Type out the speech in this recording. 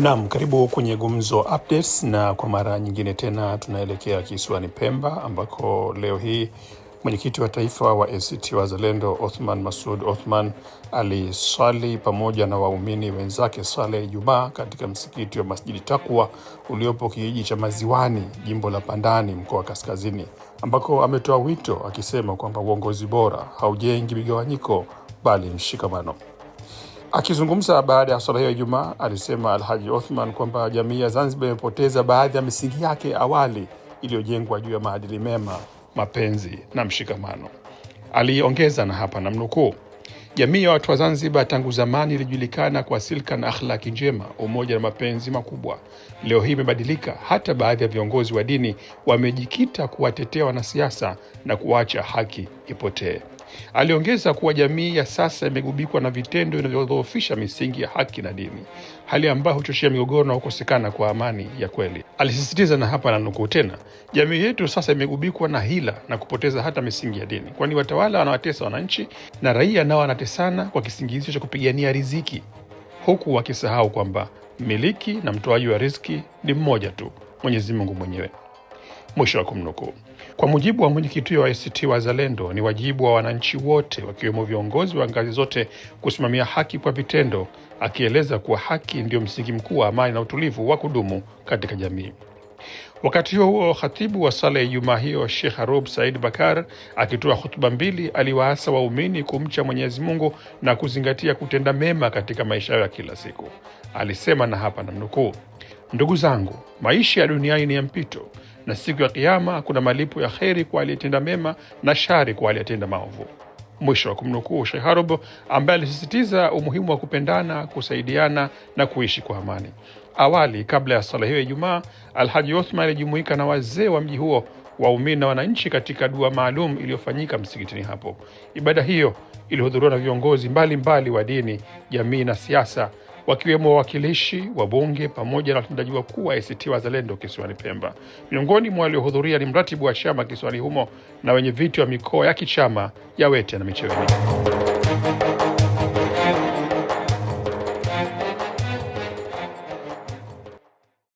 Naam, karibu kwenye Gumzo Updates, na kwa mara nyingine tena tunaelekea kisiwani Pemba ambako leo hii mwenyekiti wa taifa wa ACT Wazalendo Othman Masud Othman aliswali pamoja na waumini wenzake swala ya Ijumaa katika msikiti wa Masjidi Takwa uliopo kijiji cha Maziwani, jimbo la Pandani, mkoa wa Kaskazini, ambako ametoa wito akisema kwamba uongozi bora haujengi migawanyiko bali mshikamano. Akizungumza baada ya swala hiyo ya Ijumaa, alisema Alhaji Othman kwamba jamii ya Zanzibar imepoteza baadhi ya misingi yake awali iliyojengwa juu ya maadili mema, mapenzi na mshikamano. Aliongeza na hapa namnukuu, jamii ya watu wa Zanzibar tangu zamani ilijulikana kwa silka na akhlaki njema, umoja na mapenzi makubwa. Leo hii imebadilika, hata baadhi ya viongozi wa dini wamejikita kuwatetea wanasiasa na kuacha haki ipotee. Aliongeza kuwa jamii ya sasa imegubikwa na vitendo vinavyodhoofisha misingi ya haki na dini, hali ambayo huchochea migogoro na kukosekana kwa amani ya kweli. Alisisitiza, na hapa nanukuu tena, jamii yetu sasa imegubikwa na hila na kupoteza hata misingi ya dini, kwani watawala wanawatesa wananchi na raia nao wanatesana kwa kisingizio cha kupigania riziki, huku wakisahau kwamba mmiliki na mtoaji wa riziki ni mmoja tu, Mwenyezi Mungu mwenyewe. Mwisho wa kumnukuu. Kwa mujibu wa mwenyekiti wa ACT Wazalendo, ni wajibu wa wananchi wote wakiwemo viongozi wa ngazi zote kusimamia haki kwa vitendo, akieleza kuwa haki ndiyo msingi mkuu wa amani na utulivu wa kudumu katika jamii. Wakati huo huo, khatibu wa sala ya Ijumaa hiyo Sheikh Harub Said Bakar akitoa hutuba mbili aliwaasa waumini kumcha Mwenyezi Mungu na kuzingatia kutenda mema katika maisha yao ya kila siku. Alisema, na hapa namnukuu: ndugu zangu, maisha ya duniani ni ya mpito na siku ya Kiama kuna malipo ya kheri kwa aliyetenda mema na shari kwa aliyetenda maovu. Mwisho wa kumnukuu Sheikh Harub, ambaye alisisitiza umuhimu wa kupendana, kusaidiana na kuishi kwa amani. Awali, kabla ya sala hiyo ya Ijumaa, Alhaji Othman alijumuika na wazee wa mji huo, waumini na wananchi katika dua maalum iliyofanyika msikitini hapo. Ibada hiyo ilihudhuriwa na viongozi mbalimbali wa dini, jamii na siasa wakiwemo wawakilishi wa bunge pamoja na watendaji wakuu wa ACT Wazalendo kisiwani Pemba. Miongoni mwa waliohudhuria ni mratibu wa chama kisiwani humo na wenye viti wa mikoa ya kichama ya Wete na Micheweni.